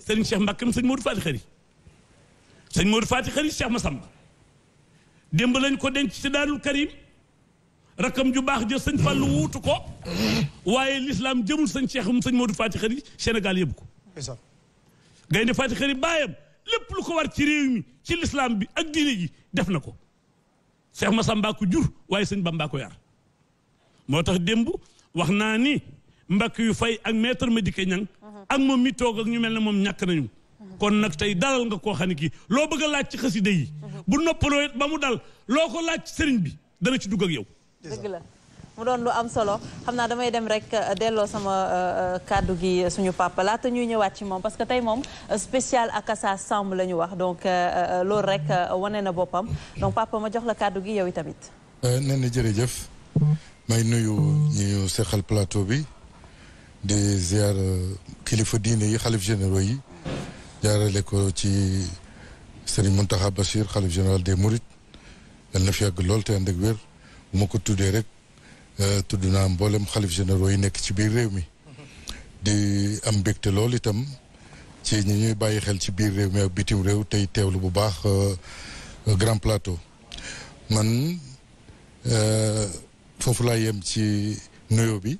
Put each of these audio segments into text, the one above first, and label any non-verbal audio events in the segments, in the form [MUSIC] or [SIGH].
سيدنا الشيخ مبكر سيدنا مور فاتي خري سيدنا مور فاتي خري الشيخ مسامب ديمبلن كو دنج سي دار الكريم رقم جو باخ جو سيدنا فالو ووتو كو واي الاسلام جيمول سيدنا الشيخ سيدنا مور فاتي خري سينغال ييبكو ايسا غاين فاتي خري بايام لب لو كو وار سي ريومي سي الاسلام بي اك ديني جي داف نكو شيخ مسامبا كو جور واي سيدنا بامبا يار موتاخ ديمبو واخنا ني mbakk yu fay ak maître Madické Niang ak moom mi toog ak ñu mel ne moom ñàkk nañu kon nag tey dalal nga koo xam ne kii loo bëgg a laaj ci xasida yi bu noppaloo ba mu dal loo ko laaj sëriñ bi dana ci dugg ak yow dëgg la mu doon lu am solo xam naa damay dem rek euh, delloo sama euh, euh, kàddu gi suñu papa laata ñuy ñëwaat ci moom parce que tey moom spécial akasa samb la ñu wax donc loolu rek wane na boppam donc papa ma jox la kàddu gi yow itamit nee na jërëjëf may nuyu ñu bi di ziar euh, kilifa diine yi xalif généro yi jaarale ko ci Serigne Mountakha Bachir xalif général de Mourides yal na fi yàgg lool te ànd ak wér bu ma ko tuddee rek euh, tudd naa mboolem xalif généraux yi nekk ci biir réew mi di am mbégte lool itam ci ñi ñuy bàyyi xel ci biir réew mi ak bitim réew tey teewlu bu baax euh, Grand Plateau man foofu laa yem ci nuyo bi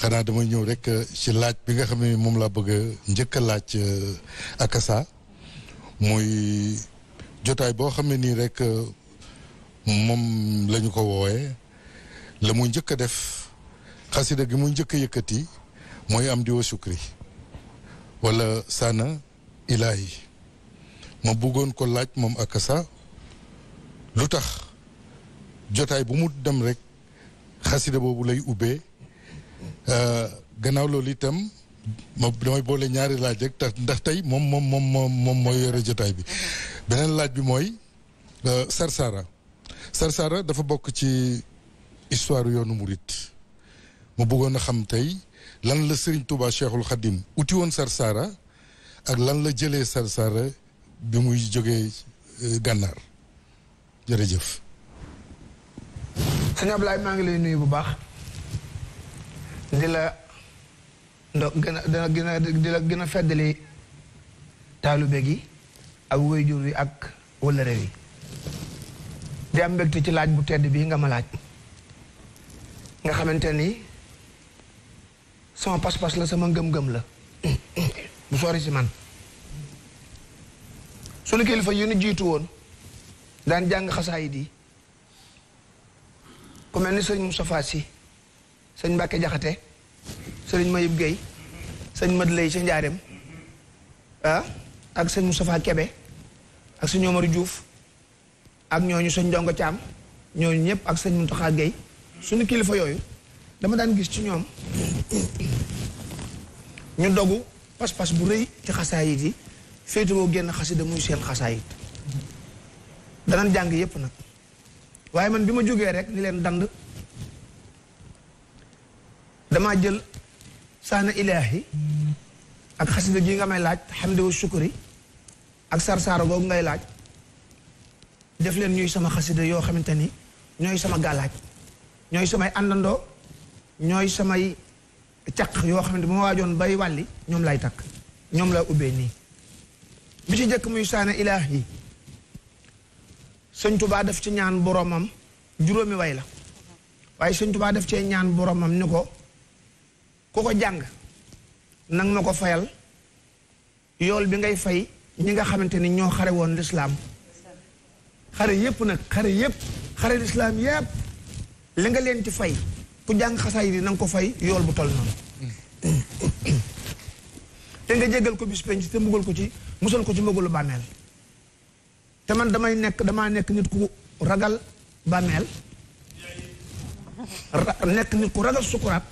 xanaa damay ñëw rek euh, ci laaj bi nga xam ne moom laa bëgg a njëkk laaj euh, akasa muy jotaay boo xam ne nii rek euh, moom lañu ko woowee la mu njëkk a def xasida gi mu njëkk a yëkkati mooy am di wa sukri wala saana ilaahi ma bëggoon ko laaj moom akasa lu tax jotaay bu mu dem rek xasida boobu lay ubbee Euh, gannaaw loolu itam ma damay boole ñaari laaj rek ndax tey moom moom moom moom mooy yore jotaay bi mhm. beneen laaj bi mooy euh, Sarsara Sarsara dafa bokk ci histoire yoonu murit mu bëggoon a xam tey lan la Serigne Touba Cheikhul Khadim uti woon Sarsara ak lan la jëlee Sarsara bi muy jógee euh, gànnaar jërëjëf. sëñ Ablaye maa ngi lay nuyu bu baax. di la gën a gën di la gën a feddali taalube gi ak wéjur wi ak wala réew di am mbégte ci laaj bu tedd bii nga ma laaj nga xamante ni sama pas-pas la sama ngëm-ngëm la [COUGHS] bu sori si man sunu kilifa yu nu jiitu woon daan jàng xasaayid yi ku mel ni sëñ Moustapha Sy sëñ Mbacke Jaxate sëriñ Mayib Gueye sëñ Madley lay Njaareem ah ak sëñ Moustapha Kebe ak sëñ Omar Diouf ak ñooñu sëñ Ndongo Thiam ñooñu ñëpp ak sëñ Mountakha Gueye suñu kilifa yooyu dama daan gis ci ñoom ñu dogu pas-pas bu rëy ci xasaayit yi féetewoo génn xasida muy seen xasaayit danan jàng yépp nag waaye man bi ma jógee rek ni leen dand dama jël sana ilahi, ak xasida gi nga may laaj hamdu wa shukri ak sarsaara googu ngay laaj def len ñuy sama xasida yo xamanteni ñoy sama gàllaaj ñoy sama andando ñoy sama caq yo xamanteni bu ma waajoon bay walli ñom lay tak ñom la ubbe ni bi ci njëkk muy ilahi def ci ñaan boromam juromi way la waaye sëñ tubaa def ci ñaan boromam niko ku ko jàng nang ma ko fayal yool bi ngay fay ñi nga xamante ni ñoo xare woon lislaam xare yépp nag xare yépp xare lislaam yépp li nga leen ci fay ku jàng xasaay di nanga ko fay yool bu toll noonu te nga jéggal ko bis te mbugal ko ci musal ko ci mbugalu bàmmeel te man damay nekk damaa nekk nit ku ragal bàmmeel nekk nit ku ragal sukuraat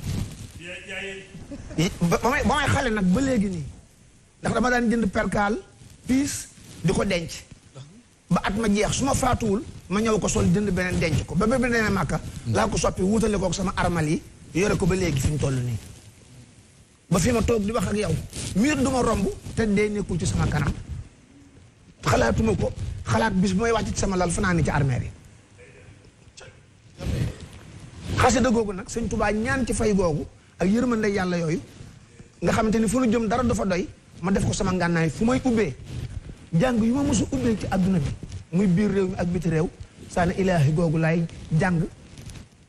ba may xale nag ba léegi nii ndax dama daan jënd perkaal piis di ko denc ba at ma jeex su ma faatuwul ma ñëw ko sol jënd beneen denc ko ba ba beneen màkka laa ko soppi wutale kook sama armal yi yore ko ba léegi fi ñu toll nii ba fi ma toog di wax ak yow miir du ma romb te dee nekkul ci sama kanam xalaatuma ko xalaat bis mooy wàcc ci sama lal fanaani ci armeer yi xasida googu nag sëñ Tuubaa ñaan ci fay googu ak yërmande yàlla yooyu nga xamante ni fu nu jëm dara dafa doy ma def ko sama ngànnaay fu may ubbee jàng yu ma mosu ubbee ci àdduna bi muy biir réew mi ak biti réew saana ilaahi googu laay jàng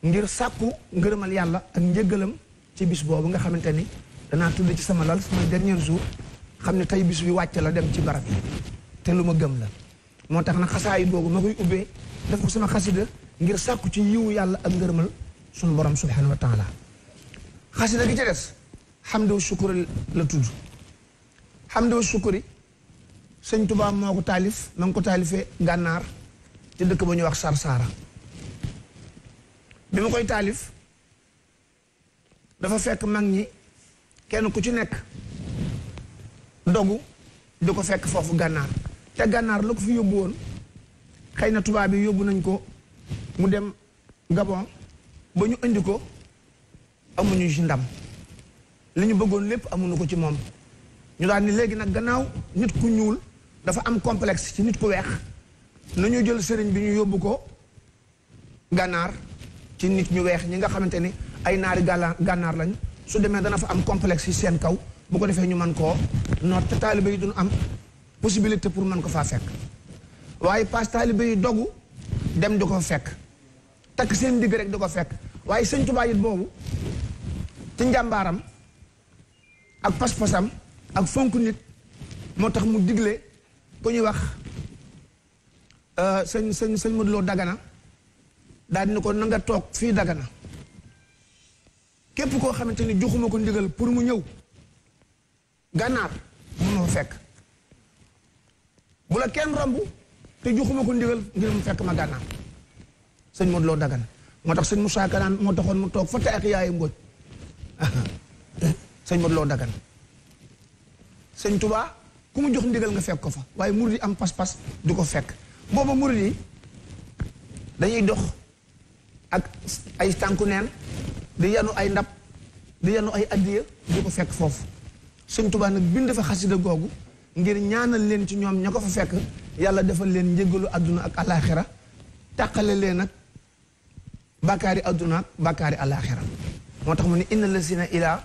ngir sàkku ngërëmal yàlla ak njëggalam ci bis boobu nga xamante ni danaa tudd ci sama lal sama dernier jour xam ne tey bis bi wàcc la dem ci barab yi te lu ma gëm la moo tax na xasaayi boobu ma koy ubbee def ko sama xasida ngir sàkku ci yiwu yàlla ak ngërëmal sunu borom subhanahu wa taala xasida gi ca des xamdi wa sukuri la tudd xamdi wa sukuri sëñ Tuubaa moo ko taalif ma ko taalifee gànnaar ci dëkk ba ñuy wax Sarsaara bi ma koy taalif dafa fekk mag ñi kenn ku ci nekk dogu di ko fekk foofu gànnaar te gànnaar la ko fi yóbbu woon xëy na tubaab bi yóbbu nañ ko mu dem Gabon ba ñu indi ko amuñu ci ndam li ñu bëggoon lépp amuñu ko ci moom ñu daal ni léegi nag gannaaw nit ku ñuul dafa am complex ci nit ku weex nañu jël sëriñ bi ñu yóbbu ko gànnaar ci nit ñu weex ñi nga xamante ni ay naari gàlla gànnaar lañ su demee dana fa am complex ci seen kaw bu ko defee ñu mën koo noot te taalibe yi duñu am possibilité pour mën ko faa fekk waaye paas taalibe yi dogu dem di ko fekk takk seen digg rek di ko fekk waaye sëñ Tuubaa it boobu ci njàmbaaram ak pas-pasam ak fonk nit moo tax mu digle ku ñuy wax euh, sëñ sëñ sëñ Modou Dagana daal dina ko nanga toog fii Dagana képp koo xamante ni joxuma ko ndigal pour mu ñëw gànnaar mënoo fekk bu la kenn romb te joxuma ko ndigal ngir mu fekk ma gànnaar sëñ Modou Lo Dagana moo tax mu Moussa Kanaan moo taxoon mu toog fa te ak yaayu Mbodj [COUGHS] sëñ Modou Lo Dagana sëñ Touba ku mu jox ndigal nga fekk ko fa waaye murid yi am pas-pas du ko fekk booba murid yi dañuy dox ak ay tànku neen di yanu ay ndab di yanu ay addiya du ko fekk foofu sëñ Touba nag bind fa xasida googu ngir ñaanal leen ci ñoom ña ko fa fekk yàlla defal leen njëgalu àdduna ak alaaxira tàqale leen ak bàkkaari àdduna ak bàkkaari alaaxira moo tax mu ne inna lasina ilaa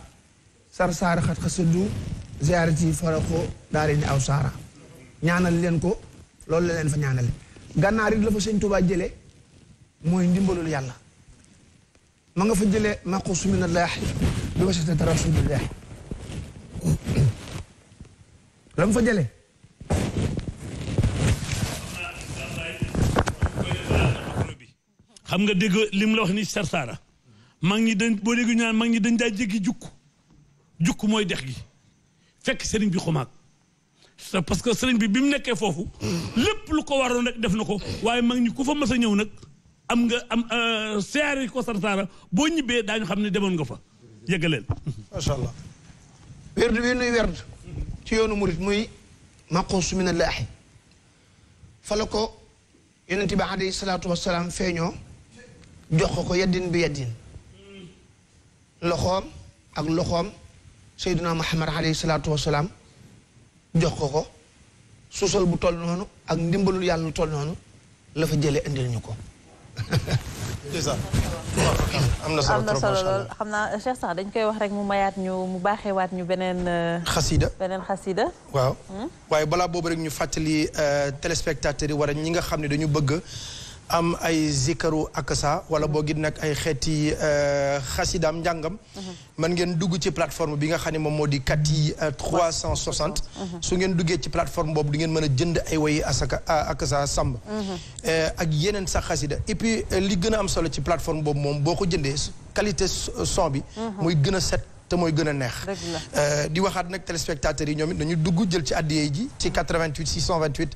sar saara xat xasadu ziarati faraxo daa leen aw saara ñaanal leen ko loolu la leen fa ñaanal gànnaar it la fa sëñ Tuubaa jële mooy ndimbalul yàlla ma nga fa jële maqus min allah bi wasitati rasulillah la mu fa jële xam nga dégg lim la wax ni sarsaara mag ñi dañ boo dégg ñu mag ñi dañ daa jéggi jukk jukk mooy dex gi fekk sëriñ bi xumaag parce que sëriñ bi bi mu nekkee foofu lépp lu ko waroon rek def na ko waaye mag ñi ku fa mas a ñëw nag am nga am euh, siyaare ko sartaara boo ñibbee daañu xam ne demoon nga fa yëggaleel macha allah werd wi nuy werd ci yoonu murit muy maqus min allaahi fa la ko yonente bi alayhi salaatu wasalaam feeñoo jox ko ko yeddin bi yeddin loxoom ak loxoom Seydina Muhammad alayhi salaatu wasalaam jox ko ko suusal bu toll noonu ak ndimbalul yàlla lu toll noonu lafa fa jëlee indil ko. am na solo lool xam naa Cheikh dañ koy wax rek mu mayaat ñu mu baaxewaat ñu beneen. Euh, xasida beneen xasida waaw hmm? waaye balaa boobu rek ñu fàttali euh, téléspectateurs yi wara ñi nga xam ne dañu bëgg. am ay zikaru ak sa wala boo gin nag ay xeeti euh, xasidaam njàngam uh-huh. man ngeen dugg ci plateforme bi nga xam ne moom moo di Kati 360 euh, uh-huh. su ngeen duggee ci plateforme boobu di ngeen mën a jënd ay woyi asaka ak sa sàmb ak yeneen sax xasida et puis euh, li gën a am solo ci plateforme boobu moom boo ko jëndee qualité son bi uh-huh. muy gën a set te mooy gën a neex di waxaat nag téléspectateurs yi ñoom it nañu dugg jël ci addiyee ji ci 88 628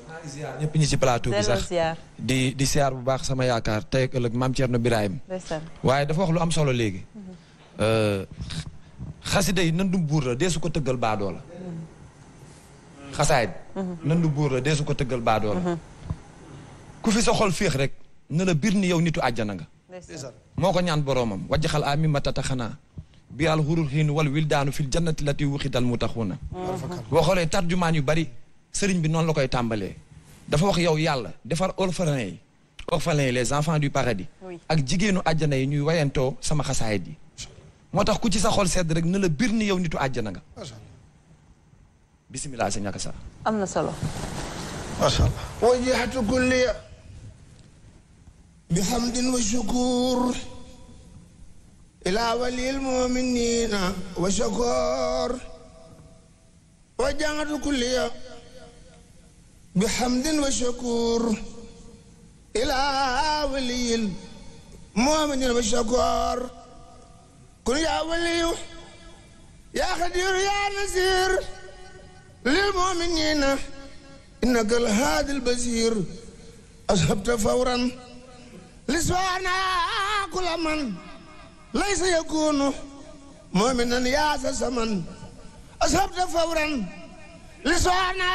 ngi ziar ñëpp ñi ci plateau bi sax di di bu baax sama yaakaar tey ak ëllëg maam Thierno Birahim waaye dafa wax lu am solo léegi mhm. euh, xasida yi nandu buur la ko tëggal baadoo la mhm. Mhm. buur la dee su ko tëggal baadoo la ku fi sa xol féex rek ne la ni yow nitu àjjana nga moo ko ñaan boroomam wajjaxal ami matata xanaa bi al xurur xiinu wal wildaanu fil jannati lati wuxidal mu taxuna boo xoolee tarjumaan yu bari sëriñ bi noonu la koy tàmbalee dafa wax yow yàlla defar orphelins yi orphelins les enfants du paradis ak jigéenu àjjana yi ñuy woyantoo sama xasaayit yi moo tax ku ci sa xol sedd rek na la bir ni yow nitu àjjana nga bisimilah sëñ Akasa am na solo macha allah wajjahtu kulliya wa shukur ila walil muminina wa shukur wajjahtu kulliya بحمد وشكور إلى ولي المؤمن وشكور كن يا ولي يا خدير يا نزير للمؤمنين إنك الهادي البزير أذهبت فورا لسوانا كل من ليس يكون مؤمنا يا زمن أذهبت فورا لسوانا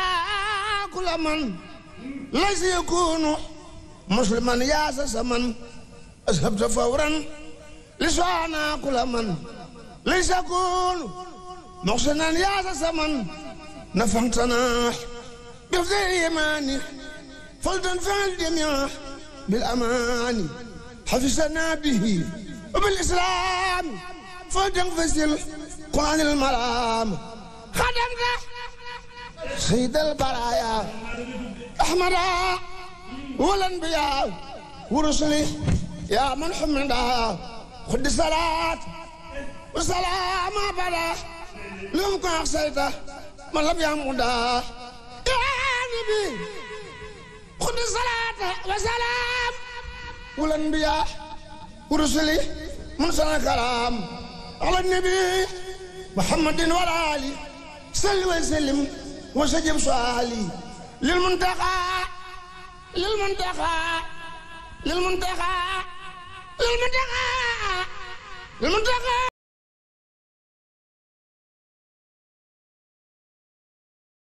كل من ليس يكون مسلما يا سمن أذهبت فورا لسوانا كل من ليس يكون محسنا يا سمن نفهمتنا بفضل إيماني فلتنفعل جميع بالأمان حفظنا به وبالإسلام فلتنفصل عن المرام خدمنا سيد البرايا احمد والأنبياء ورسلي يا من حمدا خد صلاة وسلام أبدا لهم كن أخسيته من لم يمدا يا نبي خد صلاة وسلام والأنبياء ورسلي من سنة كلام على النبي محمد وعلى آله صل وسلم wastajib su'aali lil muntaxaa lil muntaxaa lil muntaxaa lil muntaxaa lil muntaxaa